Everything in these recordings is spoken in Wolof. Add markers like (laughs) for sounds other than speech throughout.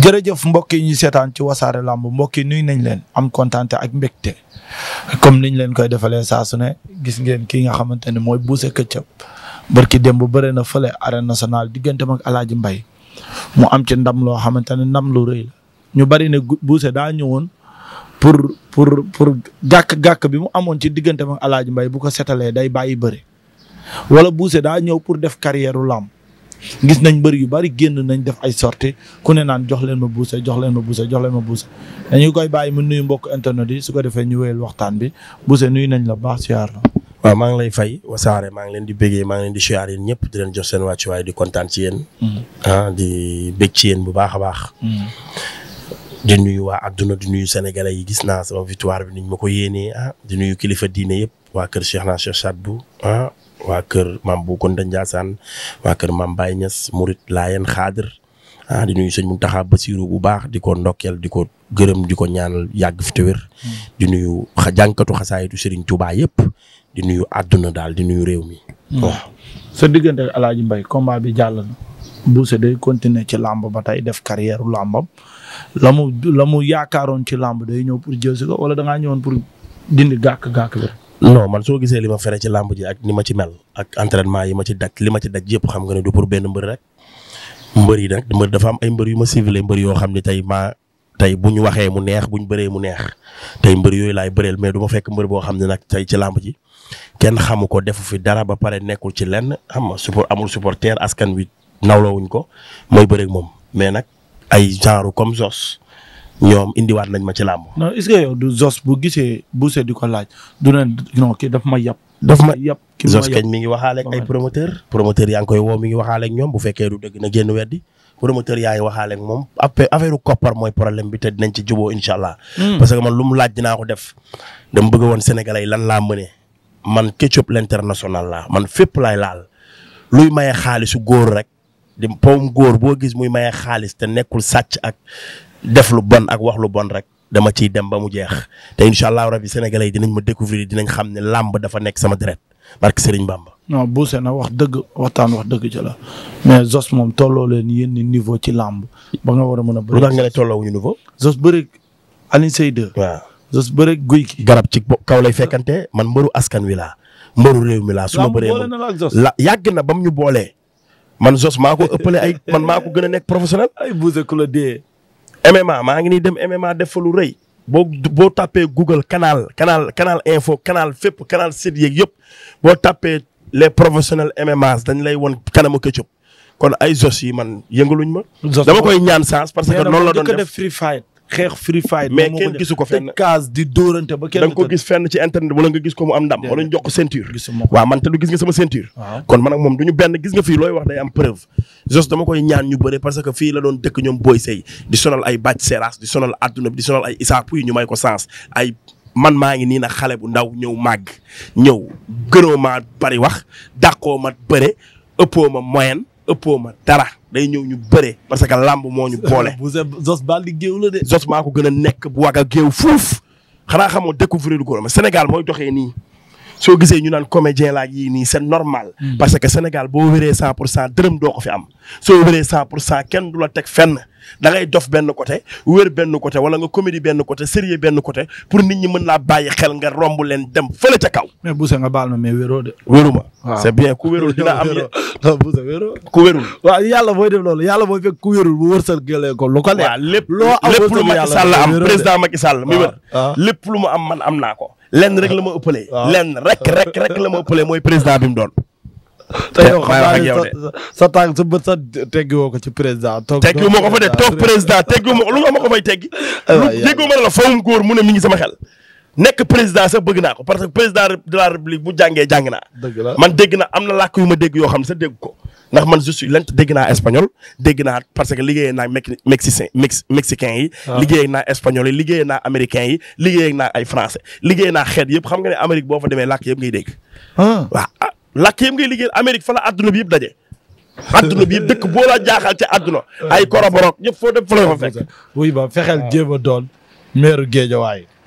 jërëjëf mbokk yi ñu seetaan ci wasaare lamb mbokk yi nuyu nañ leen am kontaante ak mbégte comme niñ leen koy defalee saa gis ngeen kii nga xamante ne mooy Boucher Ketchup barki démb bëre na fële arène nationale diggante ak Alaaji Mbay mu am ci ndam loo xamante ne ndam lu rëy la ñu bari ne Boucher daa ñëwoon pour pour pour gàkk-gàkk bi mu amoon ci diggante ak Alaaji Mbay bu ko setalee day bàyyi bëre wala Boucher daa ñëw pour def carrière làmb gis nañ mbër yu bari génn nañ def ay sorties ku ne naan jox leen ma buuse jox leen ma buuse jox leen ma buuse dañu koy bàyyi mu nuyu mbokk internet yi su ko defee ñu wéyal waxtaan bi buuse nuyu nañ la baax siyaar la waaw maa ngi lay fay wasaare maa ngi leen di béggee maa ngi leen di siyaar ñëpp di leen jox seen wàccuwaay di kontaan ci yéen hmm. ah, di bég ci bu baax a baax hmm. di nuyu waa adduna di nuyu sénégalais yi gis naa sama victoire bi niñ ma ko yéenee ah di nuyu kilifa diine yëpp waa kër Cheikh naa Cheikh Sadbou ah waa kër maam bu Kounta Ndiassane waa kër maam Baye Niass Murit Laayeen Xaadir ah di nuyu sëñ Mountakha Bassirou bu baax di ko ndokkeel di ko gërëm di ko ñaan yàgg fi te wér hmm. di nuyu xa jànkatu xasaayitu Serigne Touba yëpp di nuyu àdduna daal di nuyu réew mi. waaw hmm. oh. sa diggante El Hadj Mbaye bi jàll na. Boucher day continuer ci làmb ba tey def carrière làmbam la mu la mu yaakaaroon ci làmb day ñëw pour jël si ko wala da ngaa ñëwoon pour dindi gàkk gàkk bi. non man soo gisee li ma fere ci làmb ji ak ni ma ci mel ak entraînement yi ma ci daj li ma ci daj yëpp xam nga ne du pour benn mbër rek mbër yi nag mbër dafa am ay mbër yu ma ciblé mbër yoo xam ne tey maa tey bu ñu waxee mu neex bu ñu bëree mu neex tey mbër yooyu laay bëreel mais du ma fekk mbër boo xam ne nag tey ci làmb ji kenn xamu ko defu fi dara ba pare nekkul ci lenn xam nga support amul supporter askan wi nawlawuñ ko mooy bëreeg moom mais nag ay genre comme Zos ñoom indiwaat nañ ma ci làmb. non est-ce bu gisee Boucher di ko laaj du ne non kii daf ma yab. daf ma yab kii Zos kañ mi ngi waxaale ak ay promoteur promoteur yaa ngi koy woo mi ngi waxaale ñoom bu fekkee du dëgg na génn weddi promoteur yaa ngi waxaale ak moom après affaire koppar mooy problème bi te dinañ ci juboo incha allah. Hmm. parce que man lu mu laaj dinaa ko def. dama bëgg woon Sénégalais yi lan laa mëne man Ketchup l'international laa man fépp laay laal luy maye xaalisu góor rek di pawum góor boo gis muy maye xaalis te nekkul sàcc ak def lu bon ak wax lu bon rek dama ciy dem ba mu jeex te incha allah rabi sénégalais yi dinañ ma découvrir dinañ xam ne làmb dafa nekk sama deret barke Serigne Bamba. non buuse na wax dëgg waxtaan wax dëgg ci la mais Zos moom tolloo leen yenn niveau ci làmb ba nga war a mën a. bëri lu tax nga ne tolloowuñu niveau. Zos bëri Alioune Seye 2. waaw Zos bëri guy garab ci kaw lay fekkante man mbaru askan wi laa mbëru réew mi laa. su ma bëree la yàgg na ba mu ñu boolee. man Zos maa ko ëppale ay man maa ko gën nekk professionnel. ay buuse ku la MMA maa ngi nii dem MMA def fa lu rëy boo boo tapé Google canal canal canal info canal fépp canal set yeeg yëpp boo tappee les professionnels MMA dañ lay won kanamu Ketchup kon ay jos yi man yëngaluñ ma. dama koy ñaan sens parce que noonu la doon def free fight xeex free fight. mais kenn gisu ko fenn kaas di dóorante ba kenn da nga ko gis fenn ci internet wala nga gis ko mu am ndam wala ñu jox ko ceinture waaw man te du gis nga sama ceinture kon man moom du ñu benn gis nga fii looy wax day am preuve jos dama koy ñaan ñu bëre parce que fii la doon dëkk ñoom booy sey di sonal ay bàcc seras di sonal adduna bi di sonal ay isaa puy ñu may ko sens ay man maa ngi nii nag xale bu ndaw ñëw màgg ñëw gënoo ma bari wax dàqoo ma bëre ëppoo ma moyen ëppoo ma dara day ñëw ñu bëre parce que làmb moo ñu boole. Zos baal di géew la de. Zos maa gën a nekk bu wàgg a géew fuuf xanaa xamoo découvrir ko ma Sénégal mooy doxee nii soo gisee ñu naan comédien laaj yii nii c'est normal. Mm. parce que Sénégal boo wéree 100 pour cent dërëm doo ko fi am. soo wéree 100 pour cent kenn du la teg fenn da ngay dof benn côté wér benn côté wala nga comédie benn côté sérieux benn côté pour nit ñi mën laa bàyyi xel nga romb leen dem fële te kaw. mais c'est bien ku wérul dina am ku wérul waaw yàlla mooy def loolu yàlla mooy fekk ku wérul bu wërsal gëlee ko lu ko neex lépp lépp lu Macky Sall am président Macky Sall mi wër lépp lu mu am man am naa ko lenn rek la ma ëppalee lenn rek rek rek la ma ëppalee mooy président bi mu doon te yow xam naa ne sa tànk sa bët sa teggi woo ko ci président. toog teggi moo ko fa de toog président teggi moo ko lu ma ko fay teggi. déggu ma la la fawum góor mu ne mi ngi sama xel. nekk président sax bëgg naa ko parce que président de la république bu jàngee jàng naa. la man dégg na am na làkk yu ma dégg yoo xam ne sax dégg ko ndax man je suis lent dégg naa espagnol dégg naa parce que liggéeyee naa mexicain mexicain yi. waaw ah. liggéeyee naa espagnol yi liggéey na américain yi liggéeyee na ay français liggéeyee naa xeet yëpp xam nga ne Amérique boo fa demee làkk yëpp ngay dégg. Ah. waaw ah làkk yëpp ngay liggéey Amérique fa la adduna bi yëpp daje. adduna bi dëkk boo la jaaxal ci adduna. Ah. ay koroborok ñëpp foo dem fa la fa fekk. wuy ba fexeel jéem a doon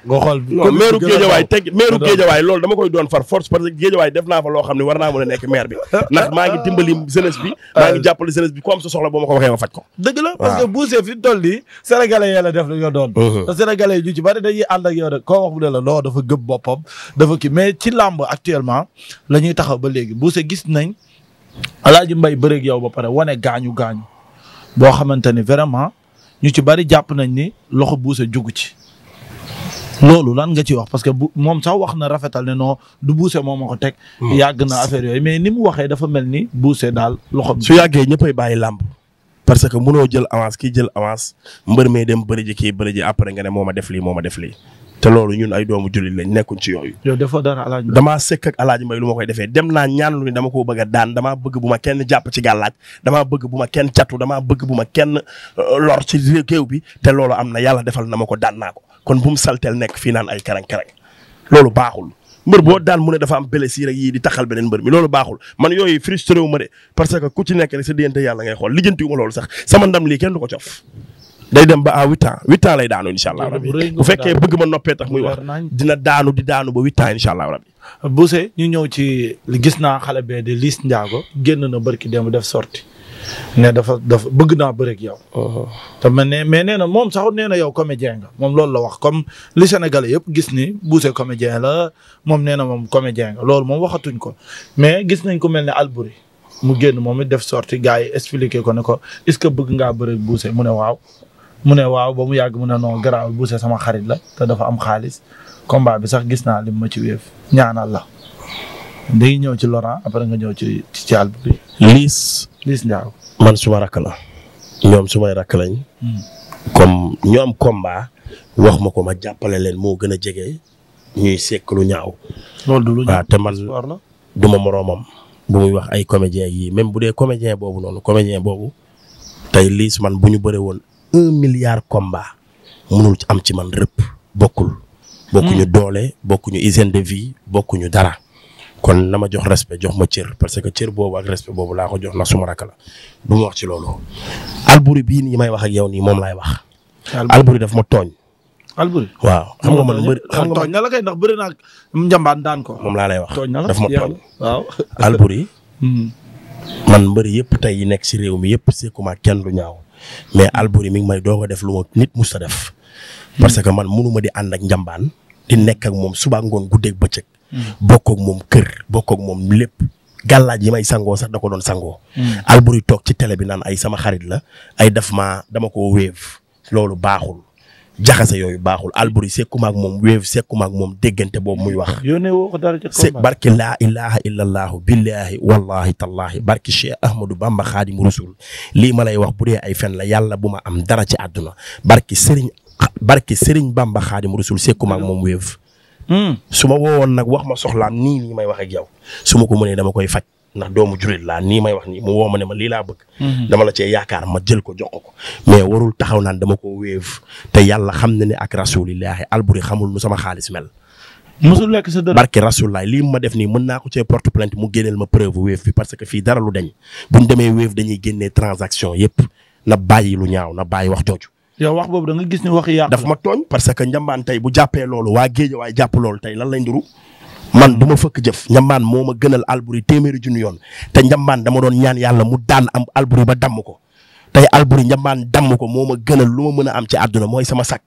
nga xool meeru géejawaay teg meeru géejawaay loolu dama koy doon far force parce que géejawaay def naa fa loo xam ne war naa mën a nekk maire bi (laughs) ndax maa ngi dimbali jeunesse bi maa ngi euh, jàppale jeunesse bi ku am soxla boo ma ko waxee ma faj ko dëgg la parce que Boucher fi toll nii sénégalais la def la yoo doon uh-huh. te sénégalais ñu ci bari dañuy ànd ak yow de koo wax mu ne la non dafa gëm boppam dafa kii mais ci làmb actuellement la ñuy taxaw ba léegi Boucher gis nañ Alaaji Mbay bëreeg yow ba pare wane gaañu gaañu boo xamante ni vraiment ñu ci bari jàpp nañ ni loxo Boucher jugu ci loolu lan nga ci wax parce que bu moom sax wax na rafetal ne noo du buuse moom ma ko teg. Hmm. yàgg na affaire yooyu mais ni mu waxee dafa mel ni buuse daal loxo. su yàggee ñëppay bàyyi làmb. parce que munoo jël avance kii jël avance mbër mee dem bëri ji kii bëri ji après nga ne moom a def lii moo ma def lii. te loolu ñun ay doomu julli lañ nekkuñ ci yooyu. yow dafa dara alaaji damaa sëkk ak lu ma koy defee dem naa ñaan lu ni dama ko bëgg a daan damaa bëgg bu ma kenn jàpp ci gàllaaj damaa bëgg bu ma kenn catu damaa bëgg bu ma kenn euh, lor ci réew bi te loolu am na yàlla defal na ma ko daan naa ko kon bu mu saltel nekk fii naan ay karang loolu baaxul mbër boo daal mu ne dafa am blessure rek yii di taxal beneen mbër mi loolu baaxul man yooyu frustré wu ma de parce que ku ci nekk rek sa diggante yàlla ngay xool lijjanti wu ma loolu sax sama ndam lii kenn du ko cof day dem ba à huit ans huit ans lay daanu incha allah rabbi bu fekkee bëgg ma noppee tax muy wax dina daanu di daanu ba huit ans incha allah rabbi ñu ñëw ci gis naa xale bee de Liss Ndiago génn na barki dem def sorti ne dafa dafa bëgg naa bëreeg yow. Uh-huh. te man ne mais nee na moom sax nee na yow comédien nga moom loolu la wax comme li Sénégalais yëpp gis ni Boucher comédien la moom nee na moom comédien nga loolu moom waxatuñ ko mais gis nañ ku mel ne Alboury mu génn moom it def sorti gars yi expliqué ko ne ko est-ce que bëgg ngaa bëreeg Boucher mu ne waaw. mu ne waaw ba mu yàgg mu ne non garaaw buuse sama xarit la te dafa am xaalis combat bi sax gis naa lim ma ci wéef ñaanal la. dañuy ñëw ci Laurent après nga ñëw ci man suma rakk la. ñoom sumay rakk lañ. Hmm. comme ñoom am wax ma ko ma jàppale leen moo gën a jege ñuy sekk ñaaw. loolu du lu ah, te man du ma moroomam. bu muy wax ay comédien yi même bu dee comédien boobu noonu comédien boobu tey liis man bu ñu bëree woon un milliard combat mënul am ci man rëpp bokkul. bokkuñu hmm. doole bokkuñu hygiène de vie bokkuñu dara. kon na ma jox respect jox ma cër parce que cër boobu ak respect boobu laa ko jox na suma rakk la du ma wax ci loolu. Alboury bii nii may wax ak yow nii moom laay wax. Alboury daf ma tooñ. Alboury waaw xam nga man bëri xam nga tooñ na kay ndax bëri naa njambaan daan ko. moom laa lay wax na la daf ma tooñ waaw (laughs) Alboury hmm. man mbëri yëpp tey yi nekk si réew mi yëpp sekkuma kenn lu ñaaw mais Alboury mi ngi may doog a def lu ma nit mus a def. parce que man munu di ànd ak njambaan di nekk ak moom suba ngoon ba bëccëg. bokk moom kër bokk moom lépp gàllaaj yi may sangoo sax da ko doon sangoo. Mm. Alboury toog ci télé bi naan ay sama xarit la ay daf ma dama ko weef loolu baaxul jaxase yooyu baaxul Alboury sekkuma ak moom wéef sekkuma ak moom déggante boobu muy wax. yónnee woo ko dara ci barki laa ilaha illallahu billahi wallahi tallahi barki Cheikh Ahmadou Bamba Xaadimu Rasul lii ma lay wax bu ay fen la yàlla bu ma am dara ci àdduna barki Serigne barki Serigne Bamba Xaadimu Rasul sekkuma ak moom wéef Hmm. su ma woowoon nag wax ma soxlaam nii lii may wax ak yow su ma ko mënee dama koy faj ndax doomu jullit laa nii may wax nii mu woo ma ne ma lii laa bëgg. Hmm. dama la cee yaakaar ma jël ko jox ko mais warul taxaw naan dama ko wéef te yàlla xam na ne ak rasulillahi Alboury xamul nu sama xaalis mel. musul lekk sa dërëm barke lii ma def nii mën naa ko cee porte plainte mu génneel ma preuve wéef bi parce que fii dara lu dañ bu demee wéef dañuy génnee transaction yépp na bàyyi lu ñaaw na bàyyi wax jooju. yow wax boobu da gis ni wax yaa daf ma tooñ parce que njambaan tey bu jàppee loolu waa géej waay jàpp loolu tey lan lay nduru man du ma fëkk jëf njambaan moo ma gënal Alboury téeméeri junni yoon te njambaan dama doon ñaan yàlla mu daan am Alboury ba damm ko tey Alboury njambaan damm ko moo ma gënal lu ma mën a am ci àdduna mooy sama sak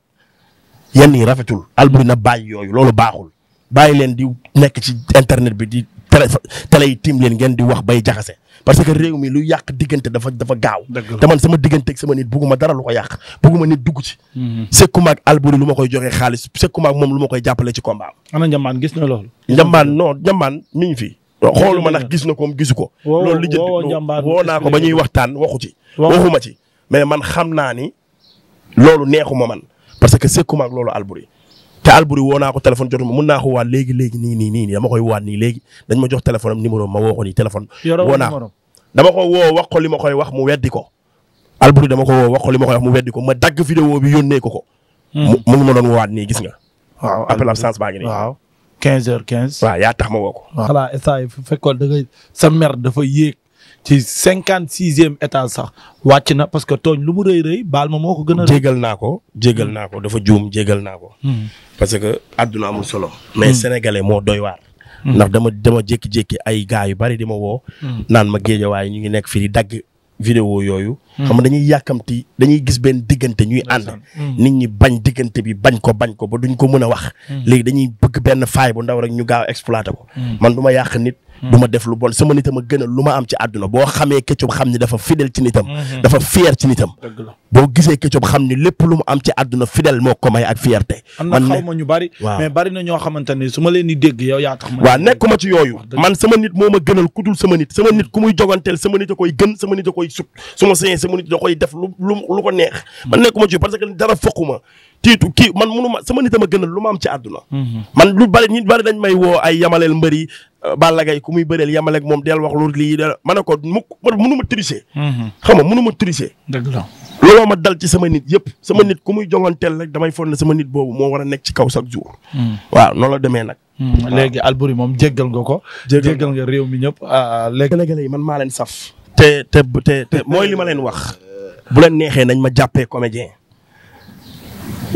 yenn yi rafetul Alboury na bàyyi yooyu loolu baaxul bàyyi leen di nekk ci internet bi di télé télé yi tiim leen ngeen di wax bay jaxase parce que réew mi lu yàq diggante dafa dafa gaaw te man sama diggante ak sama nit bugguma dara lu ko yàq bugguma nit dugg ci mm-hmm. sëkkuma ak lu ma koy joxee xaalis sëkkuma ak moom lu ma koy jàppale ci combat ana njambaan gis na loolu njambaan non njambaan mi ngi fi xooluma nag gis na koom gisu ko loolu li jë woo naa ko ba ñuy waxtaan waxu ci waxuma ci mais man xam naa ni loolu neexuma man parce que sëkkuma ak loolu Alboury te Alboury woo naa ko téléphone jotuma mun naa ko waat léegi léegi nii nii nii dama koy waat nii léegi dañ ma jox téléphone numéro ma woo ko nii téléphone. woo naa dama ko woo wax ko li ma koy wax mu weddi ko. Alboury dama ko woo wax ko li ma koy wax mu weddi ko ma dagg vidéo bi yónnee ko ko. Hmm. mu mu ngi ma doon waat nii gis nga. waaw absence baa nii. waaw 15 yaa tax ma woo ko. voilà instant yii bu da ngay sa mer dafa yéeg. cinquante sixième étage sax wàcc na parce que tooñ lu mu rëy rëy baal ma moo ko gën a. jégal naa ko jégal naa ko dafa juum jégal naa ko. Hmm. parce que àdduna amul solo. Hmm. mais sénégalais moo doy waar. Hmm. ndax dama dama jékki-jékki ay gars yu bari di ma woo. naan ma géej waaye ñu ngi nekk fii di dagg vidéo yooyu. xam nga dañuy yàkkamti dañuy gis benn diggante ñuy ànd. Mm. nit ñi bañ diggante bi bañ ko bañ ko ba duñ ko mën a wax. Mm. léegi dañuy bëgg benn faay bu ndaw rek ñu gaaw exploité ko. Mm. man du ma yàq nit. du ma def lu bon sama nitam a gënal lu ma am ci àdduna boo xamee Ketchup xam ni dafa fidèle ci nitam. Mm-hmm. dafa fier ci nitam. boo gisee Ketchup xam ni lépp lu mu am ci àdduna fidèle moo ko may ak fierté. man ñu bari. waaw bari na ñoo xamante ne su ma leen di dégg yow yaa tax. waaw nekkuma ci yooyu man sama nit moo ma gënal ku dul sama nit sama nit ku muy joganteel sama nit a koy gën sama nit a koy sut su ma sañee mu nit da koy def lu lu ko neex man nekkuma ci parce que dara fokkuma tiitu kii man munu ma sama nit a ma gënal lu ma am ci àdduna mhm. man lu bari nit bari dañ may woo ay yamaleel mbëri euh, Balla Gaye ku muy bëreel yamaleeg moom del wax lu lii ma ne ko mukk munu ma tricher mhm. xam nga munu ma tricher dëgg la looloo ma dal ci sama nit yëpp sama nit ku muy jonganteel rek damay foog ne sama nit boobu moo war a nekk ci kaw chaque jour. Mhm. waaw noonu la demee nag. léegi Alboury moom jéggal nga ko. jéggal nga réew mi ñëpp ah, ah, léegi. Sénégalais yi man maa leen saf. te te te te mooy li ma leen wax bu leen neexee nañ ma jàppee comédien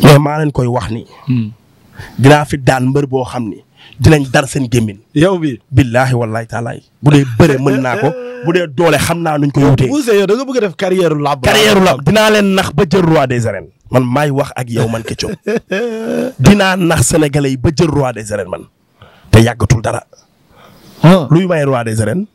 mais maa leen koy wax ni hmm. dinaa fi daan mbër boo xam ni dinañ dar seen gémmin yow bi billaahi wallaahi taalaay bu dee bëre mën naa ko bu dee doole xam naa nuñ koy wutee. Ouzin yow da def carrière làmb. carrière làmb dinaa leen nax ba jël roi des arènes. man maay wax ak yow man Ketchup (laughs) dinaa nax sénégalais yi ba jël roi des arènes man te yàggatul dara. Ah. luy may roi des arènes.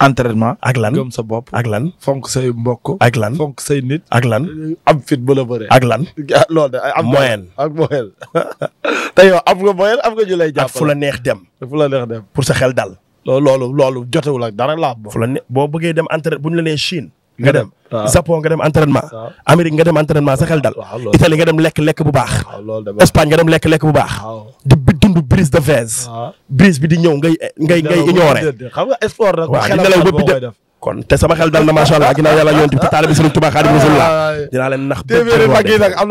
entraînement ak lan gëm sa bopp ak lan fonk say mbokk ak lan fonk say nit ak lan am fit ba la bëree ak lan loolu de am moyen ak moyen (laughs) te yo am nga moyen am nga ñu lay jàppale la neex dem fu la neex dem pour sa xel dal loolu loolu jotewul ak dara laab bo fu la ne bëggee dem entraînement bu ñu la nee Chine nga dem Japon nga dem entraînement Amérique nga dem entraînement sa xel dal Italie nga dem lekk lekk bu baax Espagne nga dem lekk lekk bu baax lamb brise de vase. Ah. brise bi di ñëw ngay ngay ngay ignoré. xam nga sport nag xelal kon te sama xel bi te taalibi Sëriñ Tuubaa dinaa leen nax. téeméeri mag yi nag am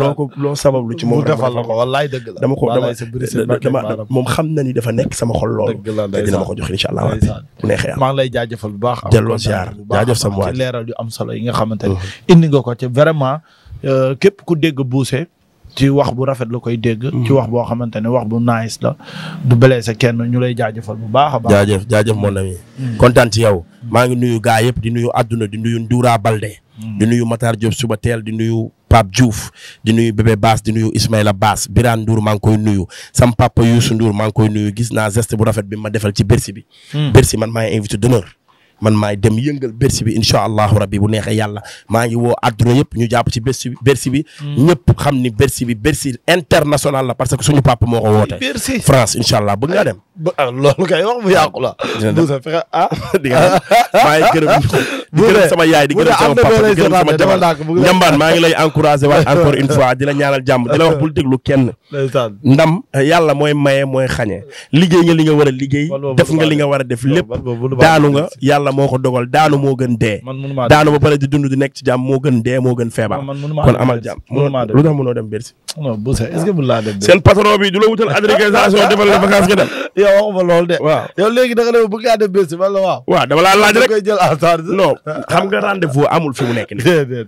loo ko loo ci moom. mu la ko wallaay dëgg la moom xam na ni nekk sama xol lool. dëgg la te dina ma ko jox maa lay jaajëfal am solo yi nga uh-huh. ko ci vraiment Euh, képp ku dégg buuse ci wax bu rafet la koy dégg. Mm. ci wax boo xamante ne wax bu nice la du sa kenn ñu lay jaajëfal bu baax a baax. jaajëf jaajëf mon ami. Mm. kontaan ci yow. maa ngi nuyu gaa yëpp di nuyu àdduna di nuyu Ndoura Balde. Mm. di nuyu Matar Diop suba teel di nuyu Pape Diouf di nuyu Bébé Baas di nuyu Ismaïla Baas Birane Ndour maa ngi koy nuyu sam papa Youssou Ndour maa ngi koy nuyu gis naa geste bu rafet bi ma defal ci Bercy bi. Bercy man maa invité d'honneur man maay dem yëngal Bercy bi incha allahu rabbi bu neexee yàlla maa ngi woo adduna yëpp ñu jàpp ci Bercy Bercy bi. Mm. ñëpp xam ni Bercy bi Bercy international la parce que suñu papa moo ko woote. France incha allah bëgg ngaa dem. ah loolu ah. (laughs) maa ngi gërëm (laughs) di gërëm sama yaay di gërëm sama papa di gërëm sama jabar njambaan maa ngi lay (laughs) encouragé waat encore une fois di ñaanal jàmm di la wax bul déglu kenn. ndam eh, yàlla mooy maye mooy xañe liggéey nga li nga war a liggéey def nga li nga war def lépp daanu nga yàlla yàlla moo ko dogal daanu moo gën dee. daanu ba pare di dund di nekk ci moo gën dee moo gën feebar. kon amal jàmm lu tax mënoo dem Bercy. seen patron bi du la wutal agrégation defal la vacance nga dem. (laughs) yow waxuma loolu de. waaw yow léegi da nga dem bëgg ngaa la waaw. waaw dama laa laaj rek koy jël en charge. non xam nga rendez-vous amul fi mu nekk nii.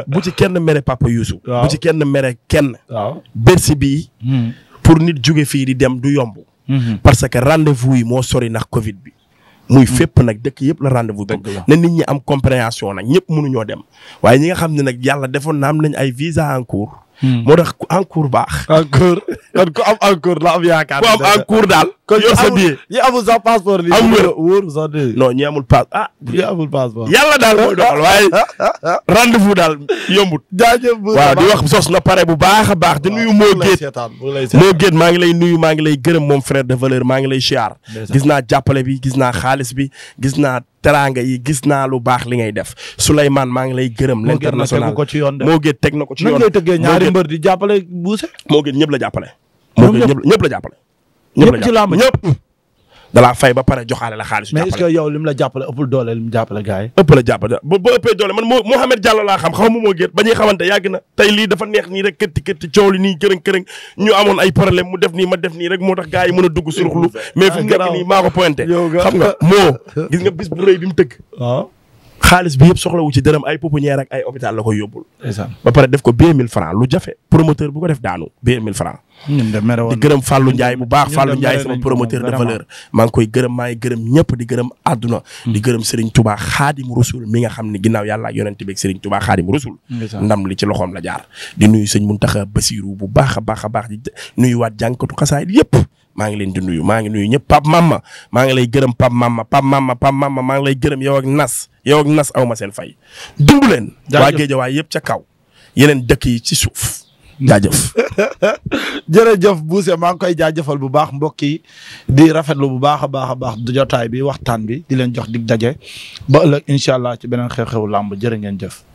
(laughs) bu ci kenn mere Papa Youssou. bu ci kenn mere kenn. waaw Bercy bii. Hmm. nit jóge fii di dem du yomb. Hmm. parce que rendez-vous yi moo sori ndax Covid bi. muy fépp nag dëkk yëpp la rendez-vous dëgg na nit ñi am compréhension nag ñëpp mënuñoo dem waaye ñi nga xam ne nag yàlla defoon na am nañ ay visa en cours hmm. moo tax en cours baax en cours kon ku am en cours la am yaakaar ku am en daal yor sa billet ñi amul sax passeport li amul wóor sax de non ñi amul passe ah ñi amul passeport daal mooy doxal waaye rendez-vous daal yombut waaw di wax sos na pare bu baax a baax di nuyu moo géet moo géet maa ngi lay nuyu maa ngi lay gërëm moom frère de valeur maa ngi lay siyaar gis naa jàppale bi gis naa xaalis bi gis naa teraanga yi gis naa lu baax li ngay def Souleymane maa ngi lay gërëm l'international moo géet teg na ko ci yoon moo géet ñëpp la jàppale moo géet ñëpp la jàppale ñëpp ci làmb ñëpp dalaa fay ba pare joxaale la xaalis. mais est-ce que yow la jàppale ëppul doole lim jàppale gars yi. ëpp la jàppale ba ba ëppee doole man moo Mouhamed la laa xam xaw ma moo géet ba ñuy na tey lii dafa neex nii rek këtti këtti coow li nii kërëng kërëng ñu amoon ay problème mu def nii ma def nii rek moo tax gars yi mën a dugg surxlu mais fu mu nekk nii maa ko pointé xam nga moo gis nga bis bu rëy bi mu tëgg ah. xaalis bi yëpp soxlawu ci dërëm ay pouponnière ak ay hôpital la koy yóbbul. ba pare def ko bien mille francs lu jafe promoteur bu ko def daanu bien mille francs. ñun de mere woon di gërëm Fallou Ndiaye bu baax Fallou Ndiaye sama promoteur de valeur. maa ngi koy gërëm maa ngi gërëm ñëpp di gërëm àdduna. di hmm. gërëm Serigne Touba Xaadim Rasul mi nga xam ne ginnaaw yàlla ak yonent bi Serigne Touba Xaadim Rasul. ndam li ci loxoom la jaar. di nuyu sëñ Muntaxa Basiru bu baax a baax a baax di nuyu waat jànkatu yëpp maa ngi leen di nuyu maa ngi nuyu ñëpp Pape Mamma maa ngi lay gërëm Pape Mamma Pape Mamma Pape Mamma maa ngi lay gërëm yow ak nas yow ak nas aw ma seen fay. dundu leen. waa Géejawaay yëpp ca kaw yeneen dëkk yi ci suuf. jaajëf (laughs) jërëjëf Bousse maa ngi koy jaajëfal bu baax mbokk yi di rafetlu bu baax a baax a baax jotaay bi waxtaan bi di leen jox dig daje ba ëllëg incha allah ci beneen xew-xewu làmb jërë ngeen jëf.